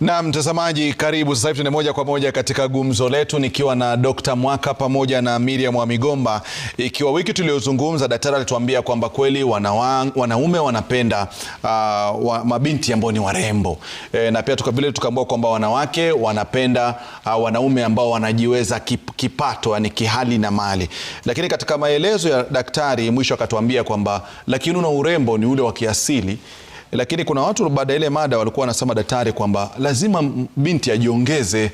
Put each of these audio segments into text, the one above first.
Na mtazamaji, karibu sasa hivi tuende moja kwa moja katika gumzo letu nikiwa na Dr. Mwaka pamoja na Miriam wa Migomba. Ikiwa wiki tuliyozungumza, daktari alituambia kwamba kweli wanaume wanapenda uh, wa, mabinti ambao ni warembo e, na pia tukavile tukaambua kwamba wanawake wanapenda uh, wanaume ambao wanajiweza kip, kipato yani kihali na mali, lakini katika maelezo ya daktari mwisho akatuambia kwamba lakini una urembo ni ule wa kiasili lakini kuna watu baada ya ile mada walikuwa wanasema daktari, kwamba lazima binti ajiongeze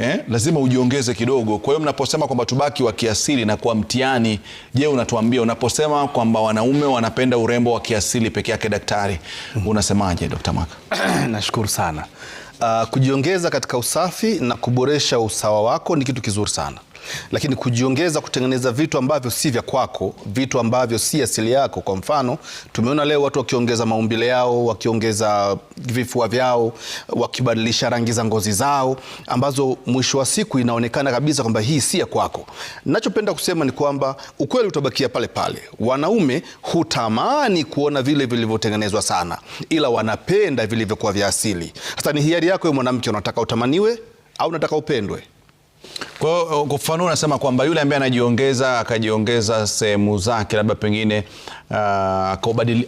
eh, lazima ujiongeze kidogo. Kwa hiyo mnaposema kwamba tubaki wa kiasili na kwa mtihani, je, unatuambia unaposema kwamba wanaume wanapenda urembo wa kiasili peke yake daktari, unasemaje Dr. Maka? Nashukuru sana. Uh, kujiongeza katika usafi na kuboresha usawa wako ni kitu kizuri sana lakini kujiongeza kutengeneza vitu ambavyo si vya kwako, vitu ambavyo si asili yako. Kwa mfano, tumeona leo watu wakiongeza maumbile yao, wakiongeza vifua vyao, wakibadilisha rangi za ngozi zao, ambazo mwisho wa siku inaonekana kabisa kwamba hii si ya kwako. Nachopenda kusema ni kwamba ukweli utabakia pale pale. Wanaume hutamani kuona vile vilivyotengenezwa sana, ila wanapenda vilivyokuwa vya asili. Sasa ni hiari yako mwanamke, unataka utamaniwe au unataka upendwe? Kwa hiyo eh, kufanua mfano unasema kwamba yule ambaye anajiongeza akajiongeza sehemu zake labda pengine ah,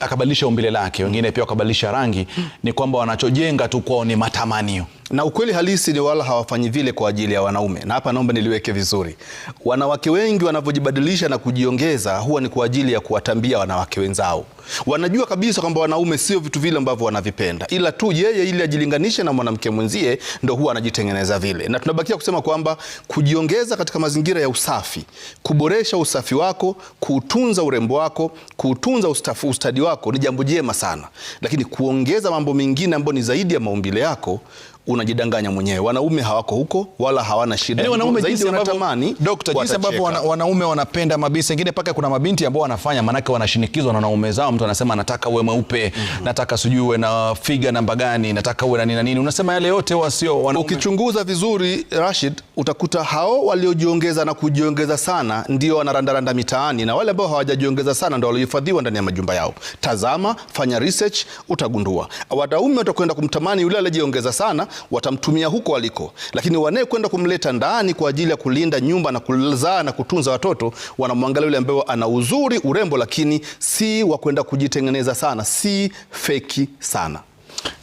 akabadilisha umbile lake, wengine pia wakabadilisha rangi, ni kwamba wanachojenga tu kwao ni matamanio. Na ukweli halisi ni wala hawafanyi vile kwa ajili ya wanaume, na hapa naomba niliweke vizuri. Wanawake wengi wanavyojibadilisha na kujiongeza huwa ni kwa ajili ya kuwatambia wanawake wenzao. Wanajua kabisa kwamba wanaume sio vitu vile ambavyo wanavipenda, ila tu yeye ili ajilinganishe na mwanamke mwenzie ndo huwa anajitengeneza vile. Na tunabakia kusema kwamba kujiongeza katika mazingira ya usafi, kuboresha usafi wako, kuutunza urembo wako, kuutunza ustafu, ustadi wako ni jambo jema sana, lakini kuongeza mambo mengine ambayo ni zaidi ya maumbile yako unajidanganya mwenyewe. Wanaume hawako huko wala hawana shida, yani wanaume jinsi wanatamani dokta, jinsi ambavyo wana, wanaume wanapenda mabinti wengine, paka kuna mabinti ambao wanafanya, manake wanashinikizwa na wanaume zao. Mtu anasema nataka uwe mweupe mm -hmm. nataka sijui uwe na figa namba gani, nataka uwe na nini na nini, unasema yale yote wasio wanaume. Ukichunguza vizuri Rashid, utakuta hao waliojiongeza na kujiongeza sana ndio wanarandaranda mitaani na wale ambao hawajajiongeza sana ndio waliohifadhiwa ndani ya majumba yao. Tazama, fanya research, utagundua wanaume watakwenda kumtamani yule aliyejiongeza sana watamtumia huko waliko, lakini wanayekwenda kumleta ndani kwa ajili ya kulinda nyumba na kuzaa na kutunza watoto wanamwangalia yule ambaye ana uzuri, urembo, lakini si wa kwenda kujitengeneza sana, si feki sana.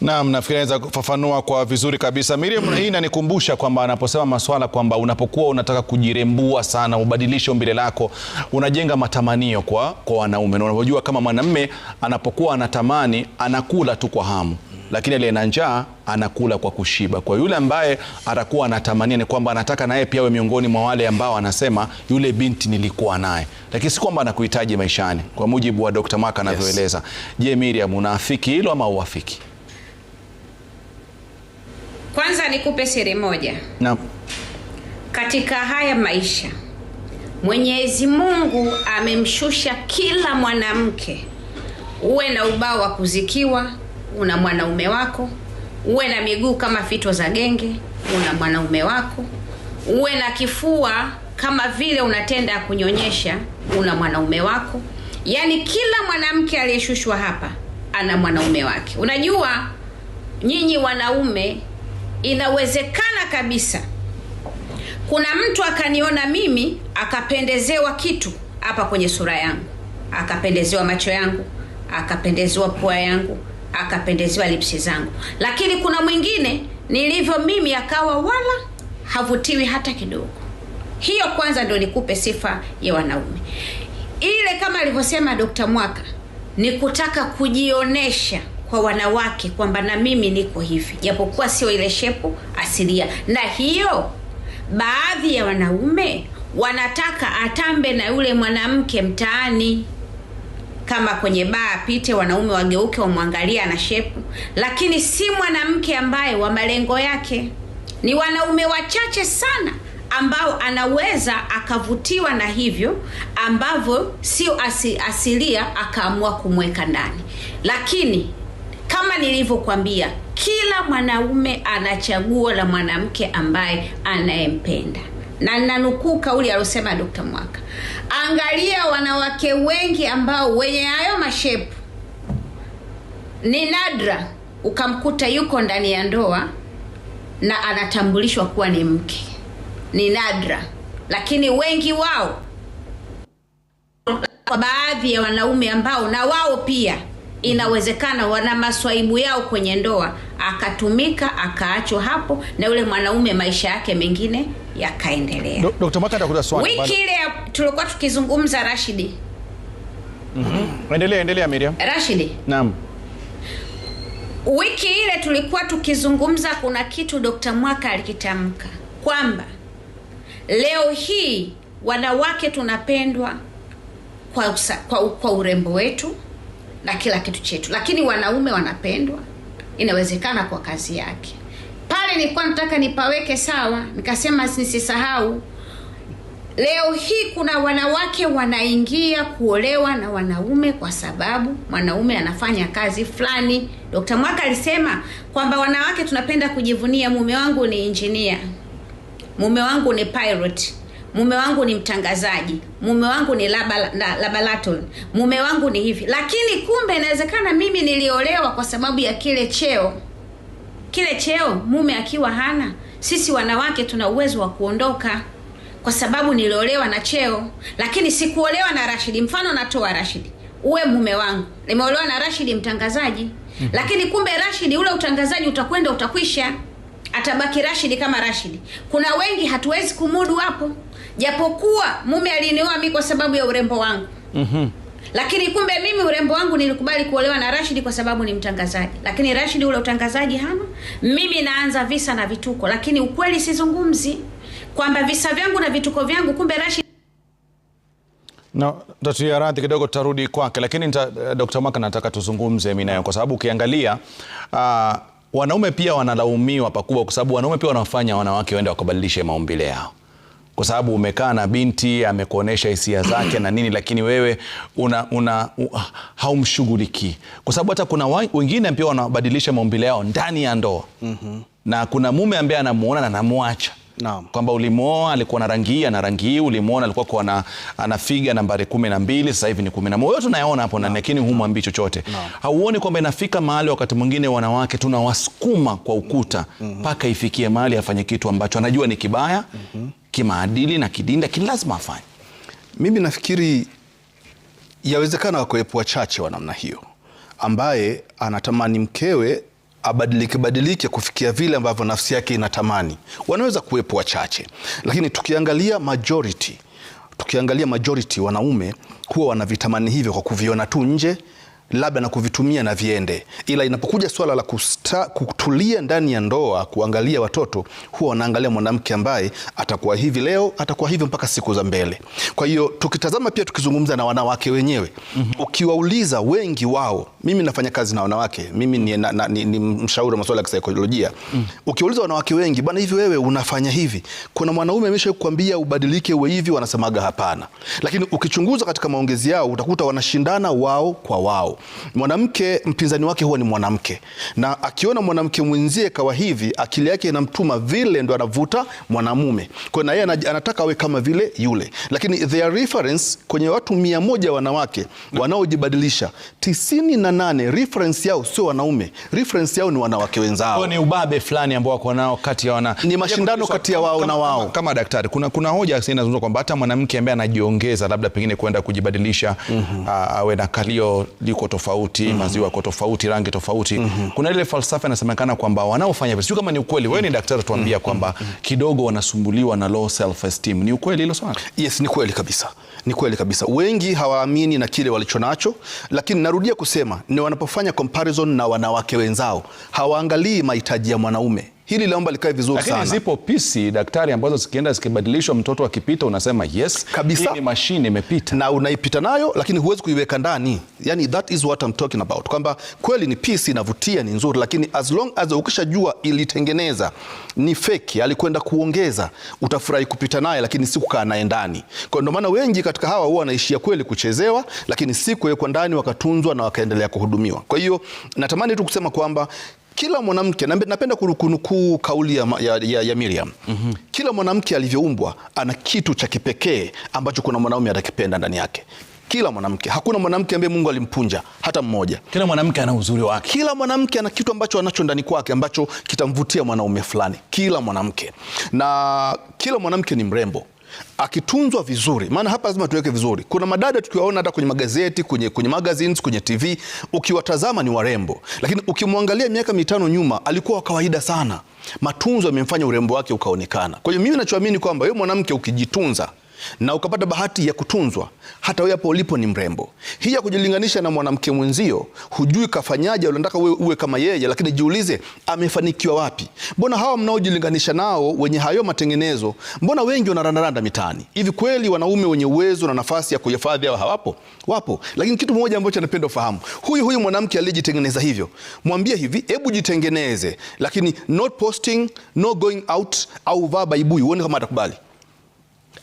Naam, nafikiri naweza kufafanua kwa vizuri kabisa Miriam. Hii inanikumbusha kwamba anaposema maswala kwamba unapokuwa unataka kujirembua sana, ubadilishe umbile lako, unajenga matamanio kwa kwa wanaume, na unavyojua kama mwanamume anapokuwa anatamani anakula tu kwa hamu lakini aliye na njaa anakula kwa kushiba. Kwa yule ambaye atakuwa anatamania ni kwamba anataka naye pia awe miongoni mwa wale ambao anasema yule binti nilikuwa naye, lakini si kwamba anakuhitaji maishani, kwa mujibu wa Dr. mwaka anavyoeleza. Yes. Je, Miriam, unaafiki hilo ama uafiki? Kwanza nikupe siri moja. Naam. Katika haya maisha Mwenyezi Mungu amemshusha kila mwanamke, uwe na ubao wa kuzikiwa una mwanaume wako, uwe na miguu kama fito za genge, una mwanaume wako, uwe na kifua kama vile unatenda kunyonyesha, una mwanaume wako. Yaani kila mwanamke aliyeshushwa hapa ana mwanaume wake. Unajua nyinyi wanaume, inawezekana kabisa kuna mtu akaniona mimi akapendezewa kitu hapa kwenye sura yangu, akapendezewa macho yangu, akapendezewa pua yangu, akapendeziwa lipsi zangu, lakini kuna mwingine nilivyo mimi akawa wala havutiwi hata kidogo. Hiyo kwanza ndio nikupe sifa ya wanaume, ile kama alivyosema dokt Mwaka ni kutaka kujionesha kwa wanawake kwamba na mimi niko hivi, japokuwa sio ile shepu asilia. Na hiyo baadhi ya wanaume wanataka atambe na yule mwanamke mtaani kama kwenye baa apite, wanaume wageuke wamwangalia ana shepu, lakini si mwanamke ambaye wa malengo yake. Ni wanaume wachache sana ambao anaweza akavutiwa na hivyo ambavyo sio asi, asilia akaamua kumweka ndani. Lakini kama nilivyokwambia, kila mwanaume ana chaguo la mwanamke ambaye anayempenda na nanukuu kauli aliyosema Dkt. Mwaka, angalia wanawake wengi ambao wenye hayo mashepu ni nadra ukamkuta yuko ndani ya ndoa na anatambulishwa kuwa ni mke, ni nadra, lakini wengi wao, kwa baadhi ya wanaume ambao na wao pia inawezekana wana maswaibu yao kwenye ndoa, akatumika akaachwa hapo, na yule mwanaume maisha yake mengine yakaendelea. Dr. swali wiki ile tulikuwa tukizungumza Rashidi. mm Endelea, endelea Miriam. Rashidi, naam, wiki ile tulikuwa tukizungumza, kuna kitu Dr. Mwaka alikitamka kwamba leo hii wanawake tunapendwa kwa, usa, kwa, kwa urembo wetu na kila kitu chetu, lakini wanaume wanapendwa, inawezekana kwa kazi yake. Pale nilikuwa nataka nipaweke sawa, nikasema nisisahau. Leo hii kuna wanawake wanaingia kuolewa na wanaume kwa sababu mwanaume anafanya kazi fulani. dkt Mwaka alisema kwamba wanawake tunapenda kujivunia, mume wangu ni injinia, mume wangu ni pilot mume wangu ni mtangazaji, mume wangu ni laba mume wangu ni hivi. Lakini kumbe inawezekana mimi niliolewa kwa sababu ya kile cheo, kile cheo mume akiwa hana. Sisi wanawake tuna uwezo wa kuondoka kwa sababu niliolewa na cheo, lakini sikuolewa na Rashidi. Mfano natoa Rashidi, uwe mume wangu, nimeolewa na Rashidi mtangazaji mhm. Lakini kumbe Rashidi ule utangazaji utakwenda utakwisha, atabaki Rashidi kama Rashidi. Kuna wengi hatuwezi kumudu hapo japokuwa mume alinioa mimi kwa sababu ya urembo wangu mm-hmm. Lakini kumbe mimi urembo wangu nilikubali kuolewa na rashidi kwa sababu ni mtangazaji, lakini rashidi ule utangazaji hana. Mimi naanza visa na vituko, lakini ukweli sizungumzi kwamba visa vyangu na vituko vyangu, kumbe Rashid No, tatuia radhi kidogo, tutarudi kwake, lakini nita, eh, dr Mwaka nataka tuzungumze mimi nayo kwa sababu ukiangalia uh, wanaume pia wanalaumiwa pakubwa, kwa sababu wanaume pia wanafanya wanawake waende wakabadilishe maumbile yao kwa sababu umekaa na binti amekuonesha hisia zake na nini, lakini wewe una, una uh, haumshughulikii kwa sababu hata kuna wengine pia wanabadilisha maumbile yao ndani ya ndoa mm -hmm. na kuna mume ambaye anamuona na anamwacha Naam. Kwamba ulimuoa alikuwa na rangi hii na rangi hii, ulimuona alikuwa kwa na anafiga nambari kumi na mbili sasa hivi ni kumi na moja. Yote unayaona hapo na lakini humwambii chochote. Hauoni kwamba inafika mahali wakati mwingine wanawake tunawasukuma kwa ukuta mm-hmm. mpaka mm -hmm. ifikie mahali afanye kitu ambacho anajua ni kibaya mm -hmm kimaadili na kidini, lakini lazima afanye. Mimi nafikiri yawezekana wakuwepo wachache wa namna hiyo, ambaye anatamani mkewe abadilike badilike kufikia vile ambavyo nafsi yake inatamani. Wanaweza kuwepo wachache, lakini tukiangalia majority, tukiangalia majority wanaume huwa wanavitamani hivyo kwa kuviona tu nje labda na kuvitumia na viende, ila inapokuja swala la kusta, kutulia ndani ya ndoa kuangalia watoto, huwa wanaangalia mwanamke ambaye atakuwa hivi leo, atakuwa hivi mpaka siku za mbele. Kwa hiyo tukitazama pia, tukizungumza na wanawake wenyewe mm -hmm. Ukiwauliza wengi wao, mimi nafanya kazi na wanawake, mimi ni, na, na, ni, ni mshauri wa masuala ya kisaikolojia mm -hmm. Ukiwauliza wanawake wengi, bwana, hivi wewe unafanya hivi, kuna mwanaume amesha kukwambia ubadilike uwe hivi? Wanasemaga hapana, lakini ukichunguza katika maongezi yao utakuta wanashindana wao kwa wao mwanamke mpinzani wake huwa ni mwanamke, na akiona mwanamke mwenzie kawa hivi, akili yake inamtuma vile, ndo anavuta mwanamume. Kwa hiyo na yeye anataka awe kama vile yule, lakini their reference kwenye watu mia moja wanawake wanaojibadilisha, tisini na nane reference yao sio wanaume, reference yao ni wanawake wenzao. Ni ubabe fulani ambao wako nao kati ya wana, ni mashindano kati ya wao na wao. Kama, kama daktari, kuna, kuna hoja inazungumzwa kwamba hata mwanamke ambaye anajiongeza labda pengine kwenda kujibadilisha mm -hmm. awe na kalio liko yako tofauti mm -hmm. maziwa yako tofauti, rangi tofauti mm -hmm. Kuna ile falsafa inasemekana kwamba wanaofanya hivyo, sio kama ni ukweli, wewe ni daktari, tuambia mhm. kwamba mhm. Mhm. kidogo wanasumbuliwa na low self esteem. Ni ukweli hilo swala? Yes, ni kweli kabisa, ni kweli kabisa. Wengi hawaamini na kile walichonacho, lakini narudia kusema ni wanapofanya comparison na wanawake wenzao, hawaangalii mahitaji ya mwanaume Hili naomba likae vizuri sana. Lakini zipo PC daktari, ambazo zikienda zikibadilishwa, mtoto akipita unasema yes, kabisa hii mashine imepita, na unaipita nayo, lakini huwezi kuiweka ndani. Yani that is what I'm talking about, kwamba kweli ni PC inavutia, ni nzuri, lakini as long as ukishajua ilitengeneza ni fake, alikwenda kuongeza, utafurahi kupita naye, lakini si kukaa naye ndani. Kwa ndio maana wengi katika hawa huwa wanaishia kweli kuchezewa, lakini si kuwekwa ndani, wakatunzwa na wakaendelea kuhudumiwa. Kwa hiyo natamani tu kusema kwamba kila mwanamke, napenda kunukuu kauli ya, ya, ya, ya Miriam mm -hmm. Kila mwanamke alivyoumbwa ana kitu cha kipekee ambacho kuna mwanaume atakipenda ndani yake. Kila mwanamke, hakuna mwanamke ambaye Mungu alimpunja hata mmoja. Kila mwanamke ana uzuri wake, kila mwanamke ana kitu ambacho anacho ndani kwake ambacho kitamvutia mwanaume fulani. Kila mwanamke na kila mwanamke ni mrembo akitunzwa vizuri, maana hapa lazima tuweke vizuri. Kuna madada tukiwaona hata kwenye magazeti, kwenye, kwenye magazines, kwenye TV, ukiwatazama ni warembo, lakini ukimwangalia miaka mitano nyuma alikuwa wa kawaida sana. Matunzo yamemfanya urembo wake ukaonekana. Kwa hiyo mimi nachoamini kwamba we mwanamke ukijitunza na ukapata bahati ya kutunzwa, hata wewe hapo ulipo ni mrembo. Hii ya kujilinganisha na mwanamke mwenzio, hujui kafanyaje, unataka wewe uwe kama yeye, lakini jiulize amefanikiwa wapi? Mbona hawa mnaojilinganisha nao wenye hayo matengenezo, mbona wengi wanarandaranda mitaani? Hivi kweli wanaume wenye uwezo na nafasi ya kuhifadhi hawa hawapo? Wapo, lakini kitu moja ambacho napenda ufahamu, huyu huyu mwanamke aliyejitengeneza hivyo, mwambie hivi, hebu jitengeneze, lakini not posting, no going out, au vaa baibui, uone kama atakubali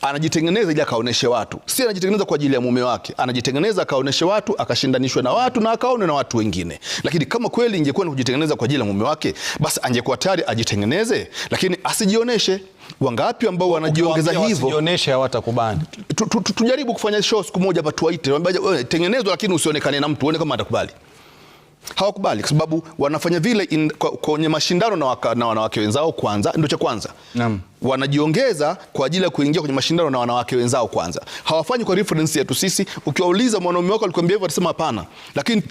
anajitengeneza ili akaoneshe watu, si anajitengeneza kwa ajili ya mume wake, anajitengeneza akaoneshe watu, akashindanishwe na watu na akaonwe na watu wengine. Lakini kama kweli ingekuwa ni kujitengeneza kwa ajili ya mume wake, basi angekuwa tayari ajitengeneze, lakini asijioneshe. Wangapi ambao wanajiongeza hivyo, tujaribu kufanya show siku moja hapa, tuwaite tengenezwa, lakini usionekane na mtu, uone kama atakubali hawakubali kwa sababu wanafanya vile kwenye mashindano na, waka, na wanawake wenzao kwanza, ndio cha kwanza. Naam. Wanajiongeza kwa ajili ya kuingia kwenye mashindano na wanawake wenzao kwanza, hawafanyi kwa reference yetu sisi. Ukiwauliza mwanaume wako alikwambia hivyo, atasema hapana, lakini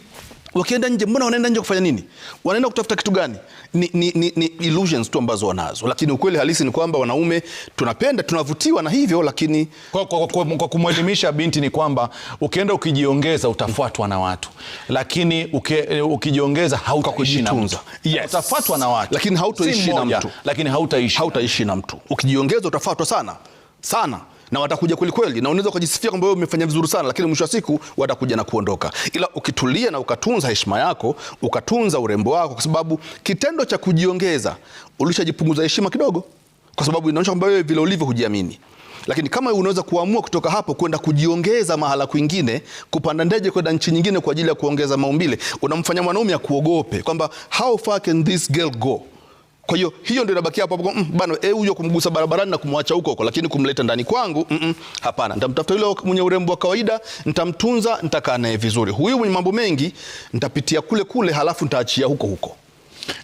wakienda nje, mbona wanaenda nje kufanya nini? Wanaenda kutafuta kitu gani? Ni, ni, ni, ni illusions tu ambazo wanazo, lakini ukweli halisi ni kwamba wanaume tunapenda, tunavutiwa na hivyo, lakini kwa, kwa, kwa, kwa kumwelimisha binti ni kwamba ukienda ukijiongeza utafuatwa na watu, lakini uke, ukijiongeza hautaishi na mtu yes. Utafuatwa na watu lakini hautaishi na mtu, lakini hautaishi hautaishi na mtu. Ukijiongeza utafuatwa sana sana na watakuja kweli kweli, na unaweza ukajisifia kwamba wewe umefanya vizuri sana, lakini mwisho wa siku watakuja na kuondoka. Ila ukitulia na ukatunza heshima yako, ukatunza urembo wako, kwa sababu kitendo cha kujiongeza ulishajipunguza heshima kidogo, kwa sababu inaonyesha kwamba wewe vile ulivyo hujiamini lakini kama unaweza kuamua kutoka hapo kwenda kujiongeza mahala kwingine, kupanda ndege kwenda nchi nyingine kwa ajili ya kuongeza maumbile, unamfanya mwanaume akuogope kwamba how far can this girl go kwa hiyo hiyo ndio inabakia hapo hapo, mm, eh, huyo kumgusa barabarani na kumwacha huko huko, lakini kumleta ndani kwangu mm -mm, hapana. Nitamtafuta yule mwenye urembo wa kawaida, nitamtunza, nitakaa naye vizuri. Huyu mwenye mambo mengi nitapitia kule kule, halafu nitaachia huko huko.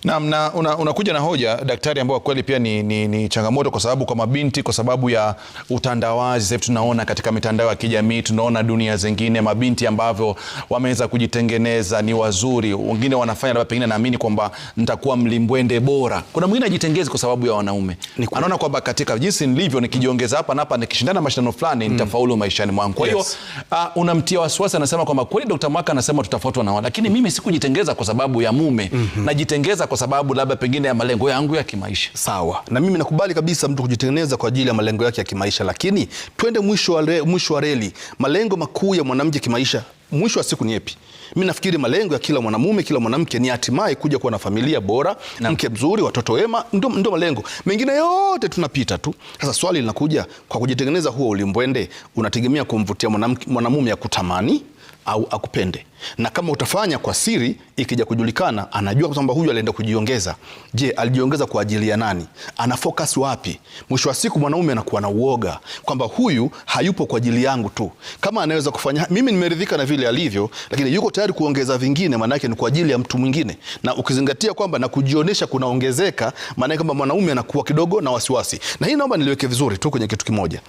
Naam, na unakuja una na hoja daktari, ambao kweli pia ni, ni, ni changamoto kwa sababu kwa mabinti, kwa sababu ya utandawazi. Sasa tunaona katika mitandao ya kijamii, tunaona dunia zingine mabinti ambavyo wameweza kujitengeneza, ni wazuri, wengine wanafanya labda pengine, naamini kwamba nitakuwa mlimbwende bora. Kuna mwingine ajitengeze kwa sababu ya wanaume, anaona kwamba katika jinsi nilivyo, nikijiongeza hapa na hapa, nikishindana mashindano fulani, mm. nitafaulu maishani mwangu. Kwa hiyo yes. Uh, ah, unamtia wasiwasi, anasema kwamba kweli Dr. Mwaka anasema tutafuatwa na wao, lakini mimi sikujitengeza kwa sababu ya mume mm -hmm. najitengeza kujitengeneza kwa sababu labda pengine ya malengo yangu ya kimaisha. Sawa, na mimi nakubali kabisa mtu kujitengeneza kwa ajili ya malengo yake ya kimaisha, lakini twende mwisho wa mwisho wa reli. Malengo makuu ya mwanamke kimaisha mwisho wa siku ni yepi? Mi nafikiri malengo ya kila mwanamume, kila mwanamke ni hatimaye kuja kuwa na familia bora na mke mzuri, watoto wema, ndo, ndo malengo mengine yote tunapita tu. Sasa swali linakuja, kwa kujitengeneza huo ulimbwende, unategemea kumvutia mwanamume ya kutamani au akupende, na kama utafanya kwa siri, ikija kujulikana, anajua kwamba huyu alienda kujiongeza. Je, alijiongeza kwa ajili ya nani? Ana focus wapi? Mwisho wa siku mwanaume anakuwa na uoga kwamba huyu hayupo kwa ajili yangu tu. Kama anaweza kufanya mimi nimeridhika na vile alivyo, lakini yuko tayari kuongeza vingine, maana yake ni kwa ajili ya mtu mwingine, na ukizingatia kwamba na kujionyesha kunaongezeka, maana yake kwamba mwanaume anakuwa kidogo na wasiwasi. Na hii naomba niliweke vizuri tu kwenye kitu kimoja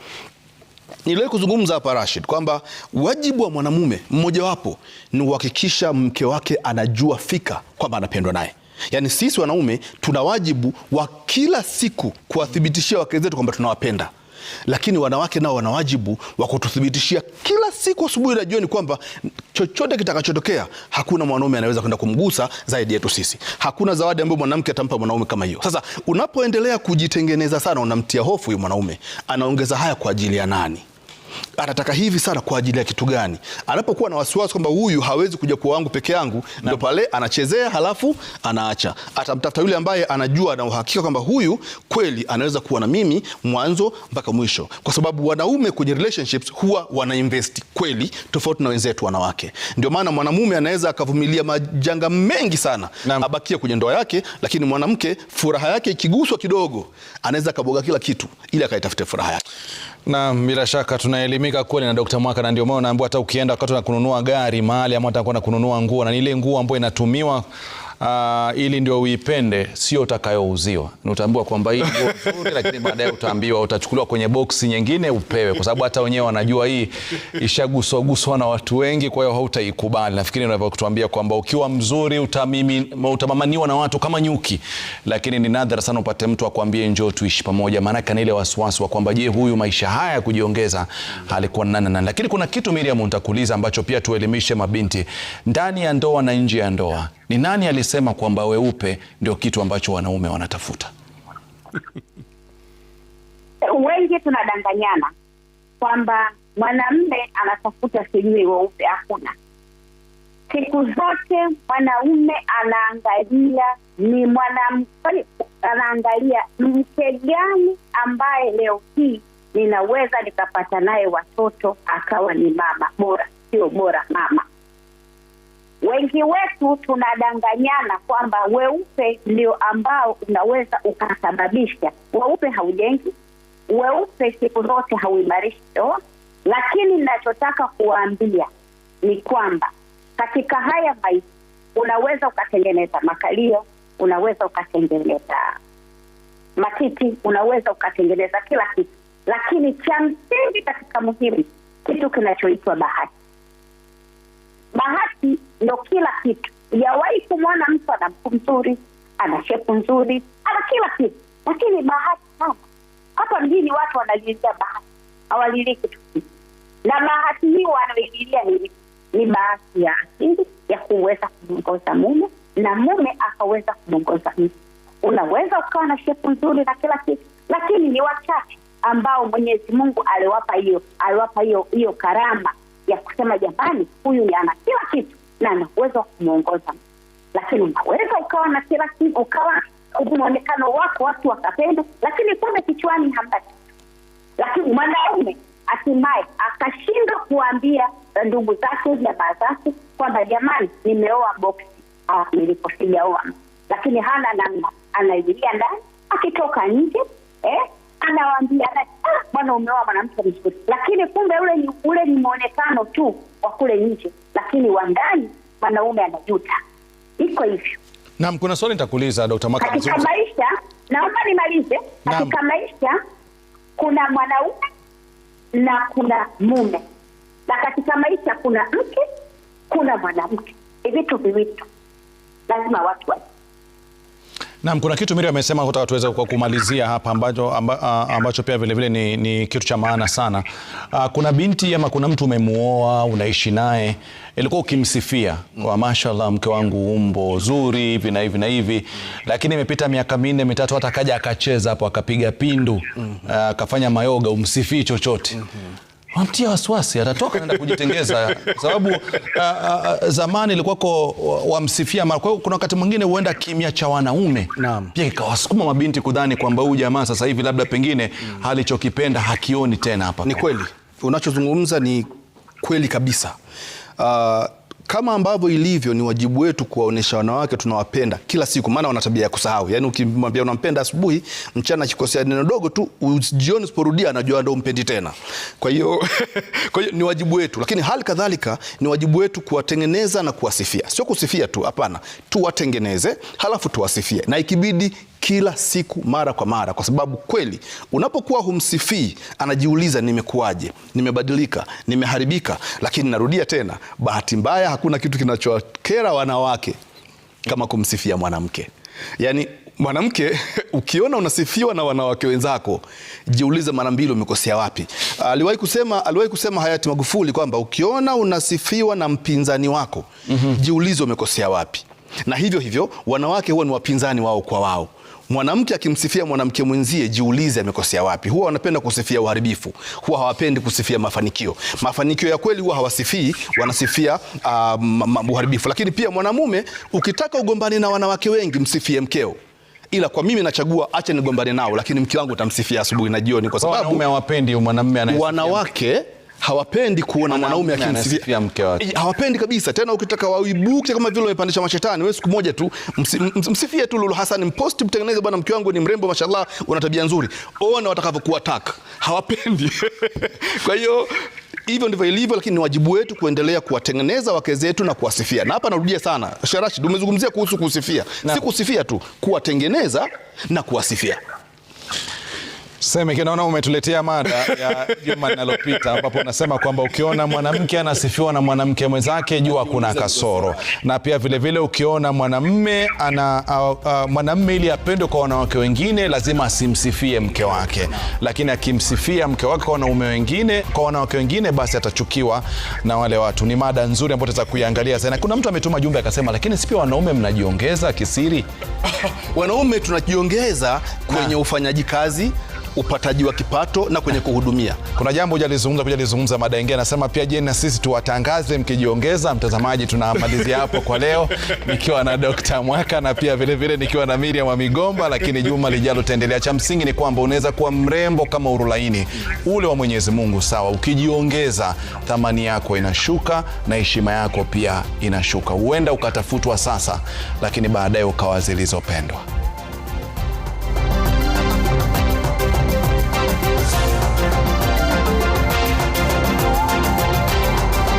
niliwahi kuzungumza hapa Rashid, kwamba wajibu wa mwanamume mmojawapo ni kuhakikisha mke wake anajua fika kwamba anapendwa naye. Yaani sisi wanaume tuna wajibu wa kila siku kuwathibitishia wake zetu kwamba tunawapenda lakini wanawake nao wana wajibu wa kututhibitishia kila siku asubuhi na jioni kwamba chochote kitakachotokea, hakuna mwanaume anaweza kwenda kumgusa zaidi yetu sisi. Hakuna zawadi ambayo mwanamke atampa mwanaume kama hiyo. Sasa unapoendelea kujitengeneza sana, unamtia hofu huyu mwanaume. Anaongeza haya kwa ajili ya nani? anataka hivi sana kwa ajili ya kitu gani? Anapokuwa na wasiwasi kwamba huyu hawezi kuja kwa wangu peke yangu, ndio pale anachezea, halafu anaacha. Atamtafuta yule ambaye anajua na uhakika kwamba huyu kweli anaweza kuwa na mimi mwanzo mpaka mwisho, kwa sababu wanaume kwenye relationships huwa invest kweli, tofauti na wenzetu wanawake. Ndio maana mwanamume anaweza akavumilia majanga mengi sana abakia kwenye ndoa yake, lakini mwanamke furaha yake ikiguswa kidogo, anaweza akaboga kila kitu ili akaitafute furaha yake. Na bila shaka tunaelimika kweli na Dkt. Mwaka, na ndio maana naambiwa hata ukienda wakati na kununua gari mahali ama hata kwenda kununua nguo, na ile nguo ambayo inatumiwa uh, ili ndio uipende, sio utakayouziwa. Ni utaambiwa kwamba hii nguo nzuri, lakini baadaye utaambiwa utachukuliwa kwenye boksi nyingine upewe, kwa sababu hata wenyewe wanajua hii ishaguswaguswa na watu wengi, kwa hiyo hautaikubali. Nafikiri unavyotuambia kwamba ukiwa mzuri utamimi, utamamaniwa na watu kama nyuki, lakini ni nadra sana upate mtu akwambie njoo tuishi pamoja, maanake na ile wasiwasi wa kwamba je, huyu maisha haya ya kujiongeza alikuwa nani nani. Lakini kuna kitu Miriam, nitakuuliza ambacho pia tuelimishe mabinti ndani ya ndoa na nje ya ndoa ni nani alisema kwamba weupe ndio kitu ambacho wanaume wanatafuta? Wengi tunadanganyana kwamba mwanamume anatafuta sijui weupe. Hakuna, siku zote mwanaume anaangalia ni mwanamke, anaangalia mke gani ambaye leo hii ninaweza nikapata naye watoto akawa ni mama bora, sio bora mama Wengi wetu tunadanganyana kwamba weupe ndio ambao unaweza ukasababisha. Weupe haujengi, weupe siku zote hauimarishi doa lakini nachotaka kuwaambia ni kwamba katika haya maisha unaweza ukatengeneza makalio, unaweza ukatengeneza matiti, unaweza ukatengeneza kila kitu, lakini cha msingi katika muhimu kitu kinachoitwa bahati Bahati ndo kila kitu. ujawahi kumwona mtu ana mku mzuri, ana shepu nzuri, ana kila kitu, lakini bahati sana Hapa mjini watu wanalilia bahati, hawalilii kitu na bahati hii wanaoililia ni, ni bahati ya asili ya kuweza kumwongoza mume na mume akaweza kumwongoza mtu. Unaweza ukawa na shepu nzuri na kila kitu, lakini ni wachache ambao Mwenyezi Mungu aliwapa hiyo aliwapa hiyo hiyo karama ya kusema jamani, huyu ni ana kila kitu na ana uwezo wa kumwongoza, lakini unaweza ukawa na kila kitu, ukawa mwonekano wako watu wakapenda, lakini kume kichwani hamna kitu. Lakini mwanaume hatimaye akashindwa kuambia ndugu zake, jamaa zake kwamba jamani, nimeoa boksi ah, lakini hana namna, anaingilia ndani akitoka nje eh, anawaambia ah, bwana umeoa mwanamke mzuri, lakini kumbe ule ni ule ni mwonekano tu wa kule nje, lakini wa ndani mwanaume anajuta. Iko hivyo. Naam, kuna swali nitakuuliza Dr. Maka. Katika maisha, naomba nimalize. Katika maisha kuna mwanaume na kuna mume, na katika maisha kuna mke, kuna mwanamke. Ni vitu viwili, lazima watu wa Naam, kuna kitu Miriam amesema hata tuweza kwa kumalizia hapa ambacho, amba, ambacho pia vilevile ni, ni kitu cha maana sana. Kuna binti ama kuna mtu umemuoa unaishi naye, ilikuwa ukimsifia kwa mashallah, mke wangu umbo zuri hivi na hivi na hivi, lakini imepita miaka minne mitatu, hata akaja akacheza hapo akapiga pindu akafanya mayoga, umsifii chochote wamtia wasiwasi atatoka naenda kujitengeza, sababu zamani ilikuwako wamsifia mara. Kwa hiyo kuna wakati mwingine huenda kimya cha wanaume pia ikawasukuma mabinti kudhani kwamba huyu jamaa sasa hivi labda pengine mm. alichokipenda hakioni tena hapa. Ni kweli unachozungumza, ni kweli kabisa. Uh, kama ambavyo ilivyo ni wajibu wetu kuwaonesha wanawake tunawapenda kila siku, maana wana tabia ya kusahau. Yani ukimwambia unampenda asubuhi, mchana akikosea neno dogo tu, jioni usiporudia, anajua ndo umpendi tena. Kwa hiyo kwa hiyo ni wajibu wetu, lakini hali kadhalika ni wajibu wetu kuwatengeneza na kuwasifia. Sio kusifia tu, hapana, tuwatengeneze halafu tuwasifie na ikibidi kila siku mara kwa mara, kwa sababu kweli unapokuwa humsifii anajiuliza, nimekuwaje? Nimebadilika? Nimeharibika? Lakini narudia tena, bahati mbaya hakuna kitu kinachokera wanawake kama kumsifia mwanamke. Yaani mwanamke ukiona unasifiwa na wanawake wenzako, jiulize mara mbili, umekosea wapi? Aliwahi kusema, aliwahi kusema hayati Magufuli kwamba ukiona unasifiwa na mpinzani wako, mm -hmm. jiulize umekosea wapi. Na hivyo hivyo wanawake huwa ni wapinzani wao kwa wao. Mwanamke akimsifia mwanamke mwenzie, jiulize amekosea wapi. Huwa wanapenda kusifia uharibifu, huwa hawapendi kusifia mafanikio. Mafanikio ya kweli huwa hawasifii, wanasifia uh, uharibifu. Lakini pia mwanamume, ukitaka ugombane na wanawake wengi, msifie mkeo ila kwa mimi nachagua, acha nigombane nao, lakini mke wangu utamsifia asubuhi na jioni, kwa sababu wanaume hawapendi mwanamume anayesifia wanawake hawapendi kuona mwanaume akimsifia mke wake, hawapendi kabisa. Tena ukitaka waibuke kama vile wamepandisha mashetani, wewe siku moja tu msifie tu Lulu Hassan, mposti mtengeneze, bwana mke wangu ni mrembo, mashallah, una tabia nzuri. Ona taka, hawapendi kwa hiyo hivyo ndivyo ilivyo, lakini ni wajibu wetu kuendelea kuwatengeneza wake zetu na kuwasifia. Na hapa narudia sana, Sharashi, umezungumzia kuhusu kusifia, si kusifia tu, kuwatengeneza na kuwasifia. Seme Kinono, umetuletea mada ya juma linalopita ambapo unasema kwamba ukiona mwanamke anasifiwa na mwanamke mwenzake jua kuna kasoro, na pia vile vile ukiona mwanamme ana uh, uh, mwanamme ili apendwe kwa wanawake wengine lazima asimsifie mke wake, lakini akimsifia mke wake kwa wanaume wengine, kwa wanawake wengine, basi atachukiwa na wale watu. Ni mada nzuri ambayo tutaweza kuiangalia sana. Kuna mtu ametuma jumbe akasema, lakini si pia wanaume mnajiongeza kisiri? Wanaume tunajiongeza kwenye ah. ufanyaji kazi upataji wa kipato na kwenye kuhudumia. Kuna jambo hujalizungumza, hujalizungumza mada ingine, anasema pia, je, na sisi tuwatangaze mkijiongeza? Mtazamaji, tunamalizia hapo kwa leo, nikiwa na Dokta Mwaka na pia vilevile nikiwa na Miriam wa Migomba, lakini juma lijalo taendelea. Cha msingi ni kwamba unaweza kuwa mrembo kama urulaini ule wa Mwenyezi Mungu, sawa. Ukijiongeza thamani yako inashuka na heshima yako pia inashuka. Huenda ukatafutwa sasa, lakini baadaye ukawa zilizopendwa.